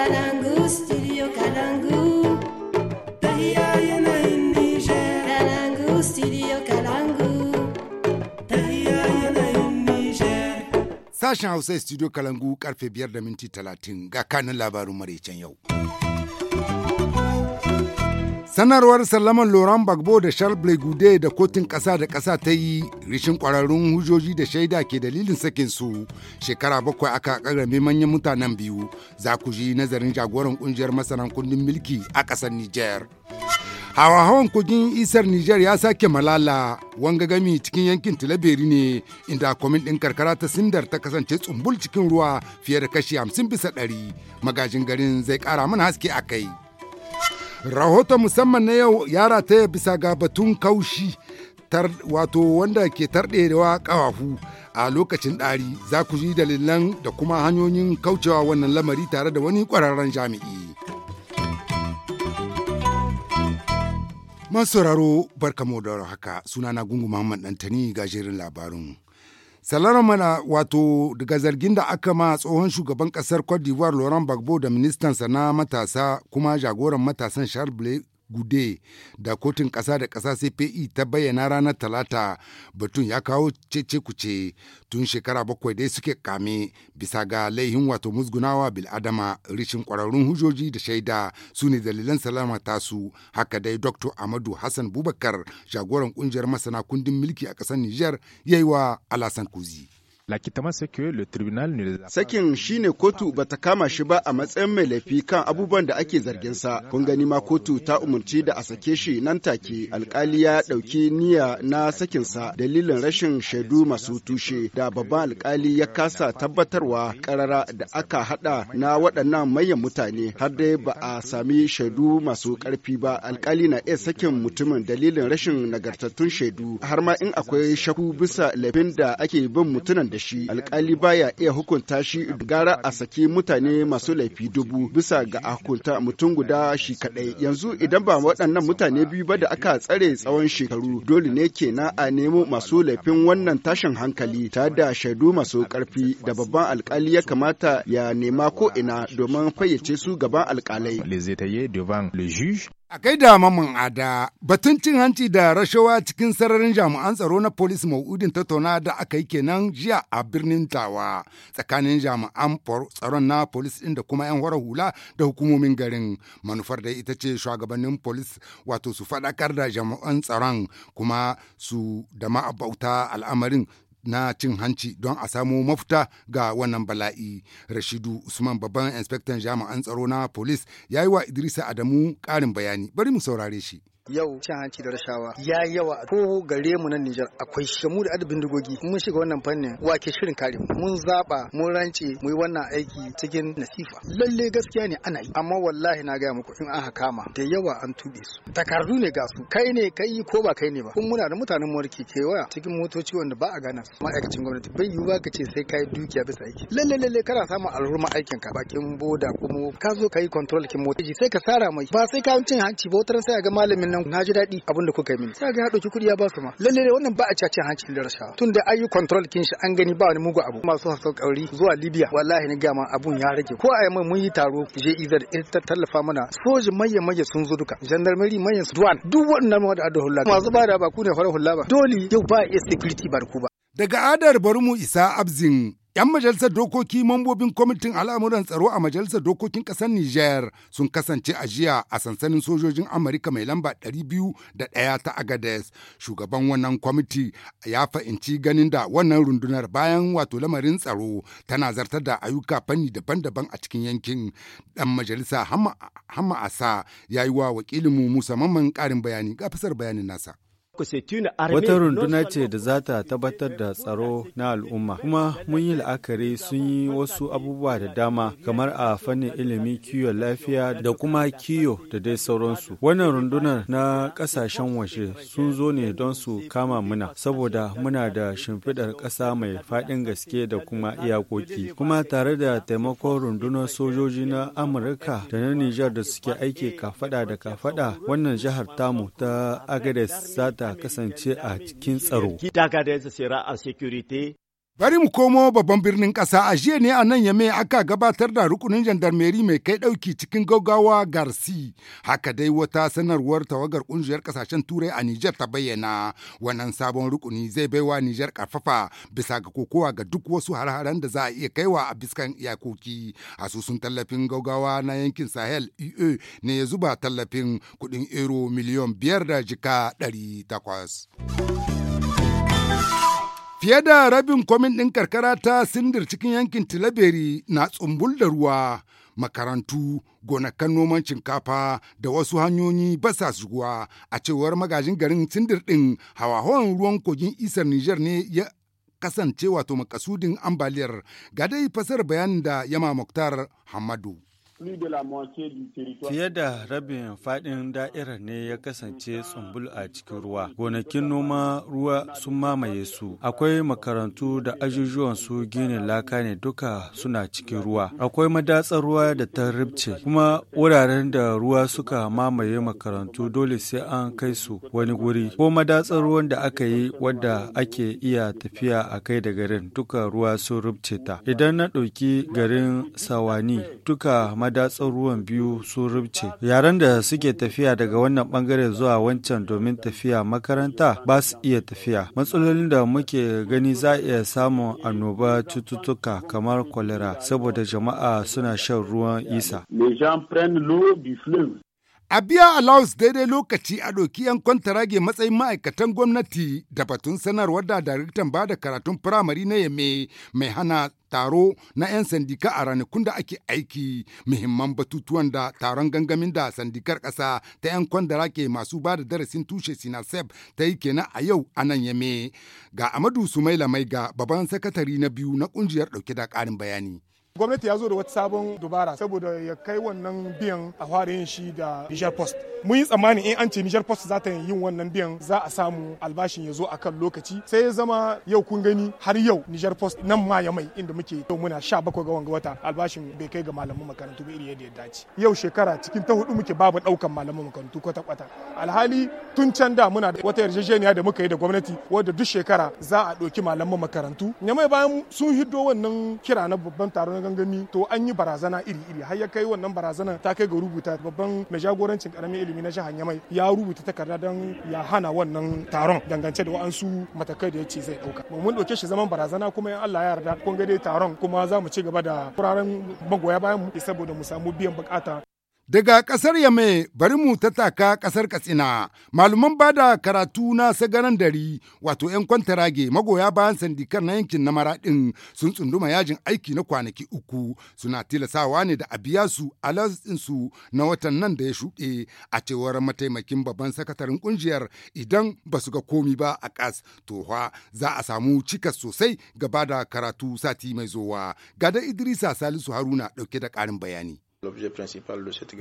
Kalangu, studio Kalangu. Tahiya yanayin Nijar. Kalangu, studio Kalangu. Tahiya yanayin Nijar. Sashen Hausa studio Kalangu karfe biyar da minti talatin ga kanin labarin maraicen yau. sanarwar sallaman laurent gbagbo da charles blegude da kotun ƙasa da kasa ta yi rishin kwararrun hujjoji da shaida ke dalilin sakin su shekara bakwai aka ƙarami manyan mutanen biyu za ku ji nazarin jagoran ƙungiyar masanan kundin mulki a ƙasar niger hawa-hawan kogin isar niger ya sake malala wanga gami cikin yankin tilaberi ne inda kwamin ɗin karkara ta sindar ta kasance tsumbul cikin ruwa fiye da kashi 50 bisa 100 magajin garin zai kara mana haske a kai rahoton musamman na yau yara ta bisa ga batun kaushi wato wanda ke tarɗewa ƙawafu a lokacin ɗari za ku ji dalilan da kuma hanyoyin kaucewa wannan lamari tare da wani ƙwararren jami'i. Masu sauraro barkamu da haka suna na gungu Muhammad Dantani ga labarun. labarin. Salaron mana wato daga zargin da aka ma tsohon shugaban kasar Cote d'Ivoire Laurent Gbagbo da ministansa na matasa kuma jagoran matasan Charles gude da kotun ƙasa da ƙasa cpi e ta bayyana ranar talata batun ya kawo cece kuce tun shekara bakwai dai suke kame bisa ga laihin wato musgunawa bil'adama rishin ƙwararrun hujoji da shaida su ne dalilan salama su haka dai dr amadu hassan bubakar jagoran ƙungiyar masana kundin mulki a ƙasar niger yi wa alasan kuzi. Sakin shi ne kotu ba ta kama shi ba a matsayin mai laifi kan abubuwan da ake zargin sa, Kun gani ma kotu ta umarci da a sake shi nan take alkali ya ɗauki niyya na sakinsa dalilin rashin shaidu masu tushe da babban alkali ya kasa tabbatarwa karara da aka hada na waɗannan manyan mutane har dai ba a sami shaidu masu ƙarfi ba alkali na iya sakin mutumin dalilin rashin nagartattun shaidu har ma in akwai shaku bisa laifin da ake bin mutumin da shi alkali baya iya hukunta shi gara a saki mutane masu laifi dubu bisa ga hukunta mutum guda shi kadai yanzu idan ba waɗannan mutane biyu ba da aka tsare tsawon shekaru dole ne ke na a nemo masu laifin wannan tashin hankali ta da shaidu masu karfi da babban alkali ya kamata ya nema ko ina domin fayyace su gaban alkalai. A gaida mamman ada batun cin hanci da rashawa cikin sararin jami'an tsaro na polis ma'udin tattauna da aka yi kenan jiya a birnin tawa tsakanin jami'an tsaron na polis ɗin da kuma 'yan wara hula da hukumomin garin manufar da ita ce shugabannin polis wato su faɗakar da jami'an tsaron kuma su da ma'abauta al'amarin na cin hanci don a samu mafita ga wannan bala'i rashidu usman babban inspektan jami'an tsaro na polis ya yi wa idrisa adamu ƙarin bayani bari mu saurare shi yau cin hanci da rashawa ya yawa ko gare mu nan Nijar akwai shamu da adabin dugogi mun shiga wannan fannin wake shirin kare mu mun zaba mun rance mu yi wannan aiki cikin nasifa lalle gaskiya ne ana yi amma wallahi na gaya muku in an kama da yawa an tube su takardu ne ga su kai ne kai ko ba kai ne ba kun muna da mutanen warki kewaya cikin motoci wanda ba a gana su ma'aikacin gwamnati bai yiwuwa ka ce sai kai dukiya bisa aiki lalle lalle kana samun alhurma aikin ka bakin boda kuma ka zo kai control kin motoci sai ka sara mai ba sai ka cin hanci ba wata sai ga malamin nan nan na ji daɗi abin da kuka yi mini sai ga ya ɗauki kuɗi ya ba su ma lalle ne wannan ba a cacin hancin da rashawa tun da ayi control kin shi an gani ba wani mugu abu masu hasan kauri zuwa libiya. wallahi ni gama abun ya rage ko a mai mun yi taro je izar ta tallafa mana soji maye maye sun zo duka gendarmerie maye duwan duk wannan wanda adda hulla masu bada ba ku ne farar hulla ba dole yau ba security ba ku ba daga adar bari mu isa abzin 'Yan majalisar dokoki mambobin kwamitin al'amuran tsaro a majalisar dokokin ƙasar Nijar sun kasance a jiya a sansanin sojojin Amurka mai lamba ɗari biyu da ɗaya ta Agades. Shugaban wannan kwamiti ya fa'inci ganin da wannan rundunar bayan wato lamarin tsaro tana zartar da ayyuka fanni daban-daban a cikin yankin. dan majalisa Hamma Asa ya yi wa wakilinmu Musa Mamman ƙarin bayani ga fasar bayanin nasa. Wata runduna ce da za ta tabbatar da tsaro na al'umma. Kuma mun yi la'akari sun yi wasu abubuwa da dama kamar a fannin ilimi, kiwon lafiya da kuma kiyo da dai sauransu. Wannan rundunar na kasashen waje sun zo ne don su kama muna saboda muna da shimfiɗar ƙasa mai faɗin gaske da kuma iyakoki. Kuma tare da taimakon rundunar sojoji na Amurka da na Nijar da suke aiki kafaɗa da kafaɗa wannan jihar tamu ta Agades za ta kasance a cikin tsaro. Bari mu komo babban birnin ƙasa a jiya ne a nan yame aka gabatar da rukunin jandarmeri mai kai ɗauki cikin gaugawa garsi. Haka dai wata sanarwar tawagar ƙungiyar ƙasashen turai a Nijar ta bayyana. Wannan sabon rukuni zai baiwa Nijar karfafa bisa ga kokowa ga duk wasu harharen da za a iya kaiwa a biskan iyakoki. Asusun tallafin gaugawa na yankin Sahel EU ne ya zuba tallafin kuɗin euro miliyan biyar da jika ɗari takwas. Fiye da rabin kwamin ɗin karkara ta sindir cikin yankin Tilaberi na tsumbul da ruwa, makarantu, gonakan noman shinkafa da wasu hanyoyi ba sa zuwa a cewar magajin garin sindir ɗin hawa-hawan ruwan kogin isar Nijar ne ya kasance wato makasudin ambaliyar ga dai fasar bayanin da Yama Muktar Hamadu. Fiye da rabin faɗin da'irar ne ya kasance tsumbul a cikin ruwa. Gonakin noma ruwa sun mamaye su. Akwai makarantu da ajujuwan su ginin laka ne duka suna cikin ruwa. Akwai madatsar ruwa da ta rubce. Kuma wuraren da ruwa suka mamaye makarantu dole sai an kai su wani guri. Ko madatsar ruwan da aka yi wadda ake iya tafiya a kai da garin duka ruwa sun rubce ta. Idan na ɗauki garin Sawani duka madatsun ruwan biyu sun rubce. Yaran da suke tafiya daga wannan bangare zuwa wancan domin tafiya makaranta ba su iya tafiya. Matsalolin da muke gani za a iya samun annoba cututtuka kamar kwalera saboda jama'a suna shan ruwan isa. A biya allowance daidai lokaci a ɗoki 'yan kwantarage matsayin ma'aikatan gwamnati da batun sanarwar da daraktan ba da karatun firamare na yame mai hana taro na 'yan sandika a ranakun da ake aiki muhimman batutuwan da taron gangamin da sandikar ƙasa ta 'yan kwandara ke masu ba da darasin tushe sinasef ta yi kenan a yau a nan yame ga amadu sumaila mai ga babban sakatari na biyu na ƙungiyar ɗauke da ƙarin bayani. gwamnati ya zo da wata sabon dubara saboda ya kai wannan biyan a fara yin shi da Niger Post. Mun yi tsammani in an ce Niger Post za ta yin wannan biyan za a samu albashin ya zo a kan lokaci sai ya zama yau kun gani har yau Niger Post nan ma ya mai inda muke yau muna sha bakwai ga wanga wata albashin bai kai ga malaman makarantu ba iri yadda ya dace. Yau shekara cikin ta hudu muke babu daukan malaman makarantu kwata kwata. Alhali tun can da muna da wata yarjejeniya da muka yi da gwamnati wadda duk shekara za a ɗauki malaman makarantu. mai bayan sun hiddo wannan kira na babban taron gangami to an yi barazana iri-iri har ya kai wannan barazana ta kai ga rubuta babban mai jagorancin karamin ilimi na jihar Yamai ya rubuta takarda don ya hana wannan taron dangance da wa'ansu matakai da ya ce zai dauka mun dauke shi zaman barazana kuma in Allah ya yarda kun ga dai taron kuma za mu ci gaba da kuraren magoya bayan mu saboda mu samu biyan bukata Daga ƙasar Yame bari mu tattaka ƙasar Katsina, malaman ba da karatu na sagaran dari wato 'yan kwantarage magoya bayan sandikar na yankin na maraɗin sun tsunduma yajin aiki na kwanaki uku suna tilasawa ne da a biya su su na watan nan da ya shuɗe a cewar mataimakin babban sakataren ƙungiyar idan ba su ga komi ba a ƙas tohwa za a samu cikas sosai gaba da karatu sati mai zowa. Gada Idrisa Salisu Haruna ɗauke da ƙarin bayani.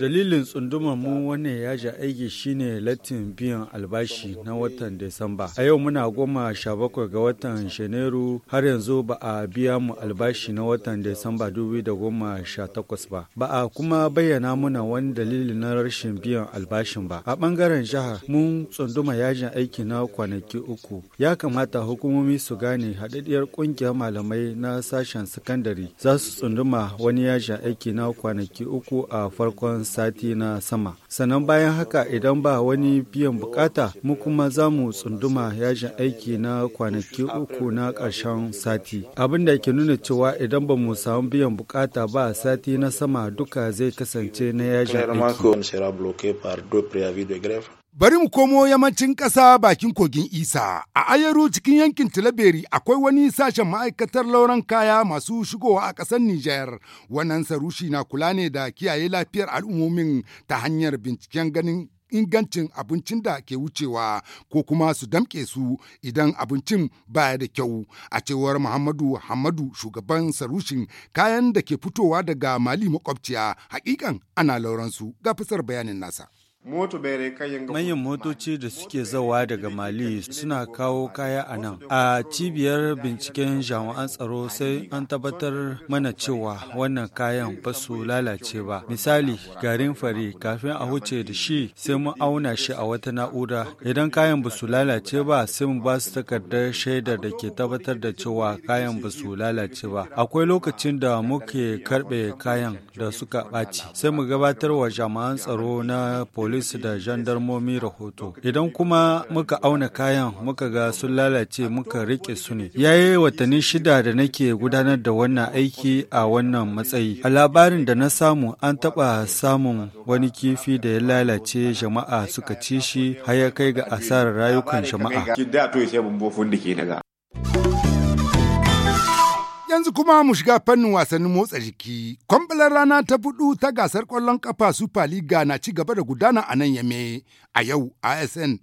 Dalilin tsundumar mu wannan yaji aiki shine latin biyan albashi na watan Disamba. A yau muna goma sha bakwai ga watan Janairu har yanzu ba a biya mu albashi na watan Disamba dubu da goma sha takwas ba. Ba a kuma bayyana muna wani dalili na rashin biyan albashin ba. A bangaren jihar mun tsunduma yajin aiki na kwanaki uku. Ya kamata hukumomi su gane haɗaɗɗiyar ƙungiyar malamai na sashen sakandare za su tsunduma wani yajin aiki na kwanaki uku a farkon sati na sama. Sannan bayan haka idan ba wani biyan bukata mu kuma za mu tsunduma yajin aiki na kwanaki uku na ƙarshen sati. Abin da ke nuna cewa idan ba mu samu biyan bukata ba a sati na sama duka zai kasance na yajin aiki. Bari mu komo yammacin ƙasa bakin kogin Isa, a Ayaru cikin yankin Tilaberi akwai wani sashen ma'aikatar lauran kaya masu shigowa a ƙasar Nijar. Wannan sarushi na kula ne da kiyaye lafiyar al'ummomin ta hanyar binciken ganin ingancin abincin da ke wucewa ko kuma su damƙe su idan abincin baya da kyau a cewar muhammadu hamadu shugaban sarushin kayan da ke fitowa daga mali makwabciya hakikan ana lauransu ga fasar bayanin nasa Manyan motoci da suke zawa daga Mali suna kawo kaya a nan. A cibiyar binciken jami'an tsaro sai an tabbatar mana cewa wannan kayan ba su lalace ba. Misali, garin fari kafin a huce da shi sai mun auna shi a wata na'ura. Idan kayan ba su lalace ba sai mu ba su takardar shaidar da ke tabbatar da cewa kayan ba su lalace ba. Akwai lokacin da muke karɓe kayan da suka ɓaci. Sai mu gabatar wa jami'an tsaro na polis polis da jandarmomi rahoto idan kuma muka auna kayan muka ga sun lalace muka rike su ne yayi watanni shida da nake gudanar da wannan aiki a wannan matsayi a labarin da na samu an taɓa samun wani kifi da ya lalace jama'a suka ci shi har ya kai ga asarar rayukan jama'a yanzu kuma mu shiga fannin wasannin motsa jiki. Kwambalar rana ta fudu ta gasar ƙwallon kafa Super Liga na ci gaba da gudana a nan yame. A yau ASN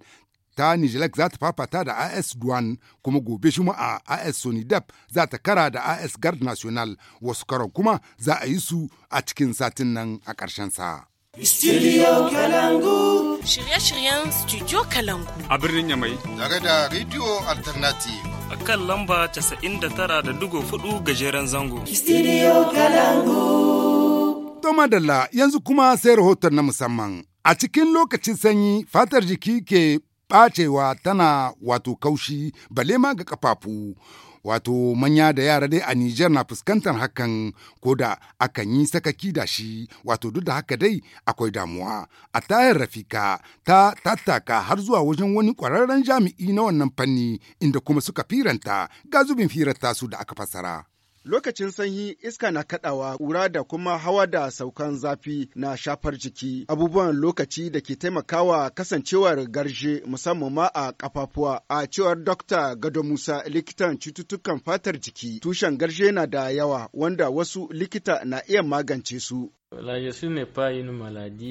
ta Nijilek za ta fafata da AS Duan kuma gobe shi a AS Sonidep za ta kara da AS Guard National wasu karon kuma za a yi su a cikin satin nan a ƙarshen sa. Studio Kalangu. Shirye-shiryen Studio Kalangu. A birnin Yamai. tare da Radio Alternative. kan lamba 99.4 gajeren zango. Studio Kalangu. To madalla yanzu kuma sai rahoton na musamman. A cikin lokacin sanyi fatar jiki ke ɓacewa tana wato kaushi balema ga kafafu. wato manya da yara dai a Nijar na fuskantar hakan ko da akan yi sakaki da shi wato duk da haka dai akwai damuwa a tayar rafika ta tattaka har zuwa wajen wani kwararren jami'i na wannan fanni inda kuma suka firanta ga zubin firar tasu da aka fasara. Lokacin sanyi iska na kaɗawa, ƙura da kuma hawa da saukan zafi na shafar jiki. Abubuwan lokaci da ke taimakawa kasancewar garje musamman ma a ƙafafuwa. A cewar Dr. Gado Musa likitan cututtukan fatar jiki, tushen garje na da yawa wanda wasu likita na iya magance su.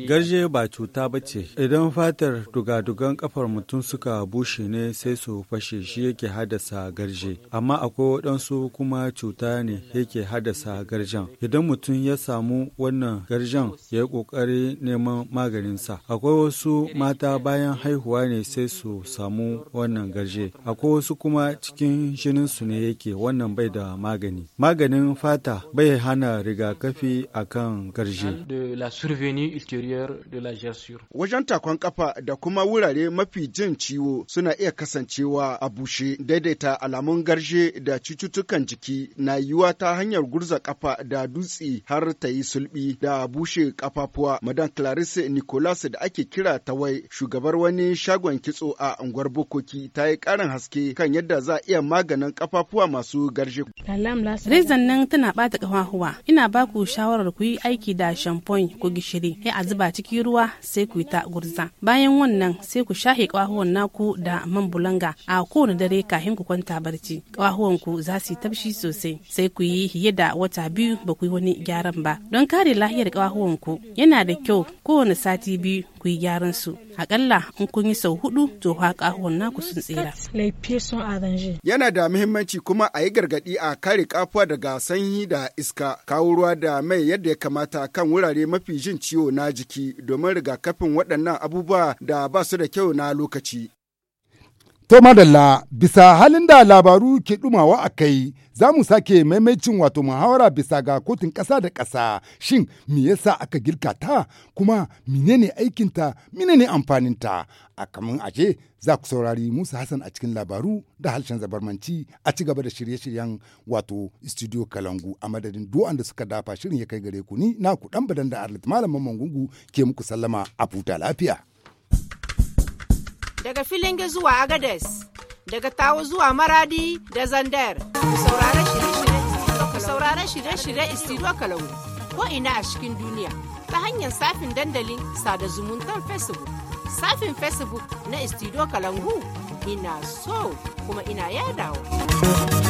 Garje ba cuta ba ce, idan fatar dugadugan kafar mutum suka bushe ne sai su fashe shi yake hadasa garje, amma akwai waɗansu kuma cuta ne yake hadasa garjen. Idan mutum ya samu wannan garjen ya yi ƙoƙari neman maganinsa. Akwai wasu mata bayan haihuwa ne sai su samu wannan garje, akwai wasu kuma cikin jininsu ne yake wannan bai da magani. Maganin fata bai hana rigakafi akan garje. ƙarshe. Wajen takon kafa da kuma wurare mafi jin ciwo suna iya kasancewa a bushe daidaita alamun garje da cututtukan jiki na yiwuwa ta hanyar gurza kafa da dutse har ta yi sulbi da bushe kafafuwa. Madan Clarisse Nicolas da ake kira ta wai shugabar wani shagon kitso a unguwar Bokoki ta yi ƙarin haske kan yadda za a iya maganin kafafuwa masu garje. Rezan nan tana bata kafafuwa. Ina baku shawarar ku yi aiki da shampoin ko gishiri sai a zuba cikin ruwa sai ku yi ta gurza bayan wannan sai ku shahe kwahuwan naku da man bulanga a kowane dare kafin ku kwanta barci kwahuwan ku za su yi tafshi sosai sai ku yi fiye da wata biyu ba ku yi wani gyaran ba don kare lafiyar kwahuwan ku yana da kyau kowane sati biyu ku yi gyaran su akalla in kun yi sau hudu to ƙahuwan naku sun tsira yana da muhimmanci kuma a yi gargadi a kare kafuwa daga sanyi da iska kawo ruwa da mai yadda ya kamata kan wurare mafi jin ciwo na jiki domin rigakafin waɗannan abubuwa da ba su da kyau na lokaci To madalla bisa halin da labaru ke dumawa a kai za mu sake maimacin wato muhawara bisa ga kotun ƙasa da ƙasa shin me yasa aka girka ta kuma menene aikinta menene amfaninta a kamun aje za ku saurari Musa Hassan a cikin labaru da harshen zabarmanci a ci gaba da shirye-shiryen wato studio Kalangu a madadin duwan da suka dafa shirin ya kai gare ku ni na ku dan badan da Arlit Malam Mamman ke muku sallama a futa lafiya. daga filin zuwa Agades, daga Tawo zuwa Maradi da Zandar. Ku shirye-shirye Istiro Kalau ko ina a cikin duniya ta hanyar safin dandalin sada zumuntar Facebook. Safin Facebook na Istiro Kalangu ina so kuma ina yadawa.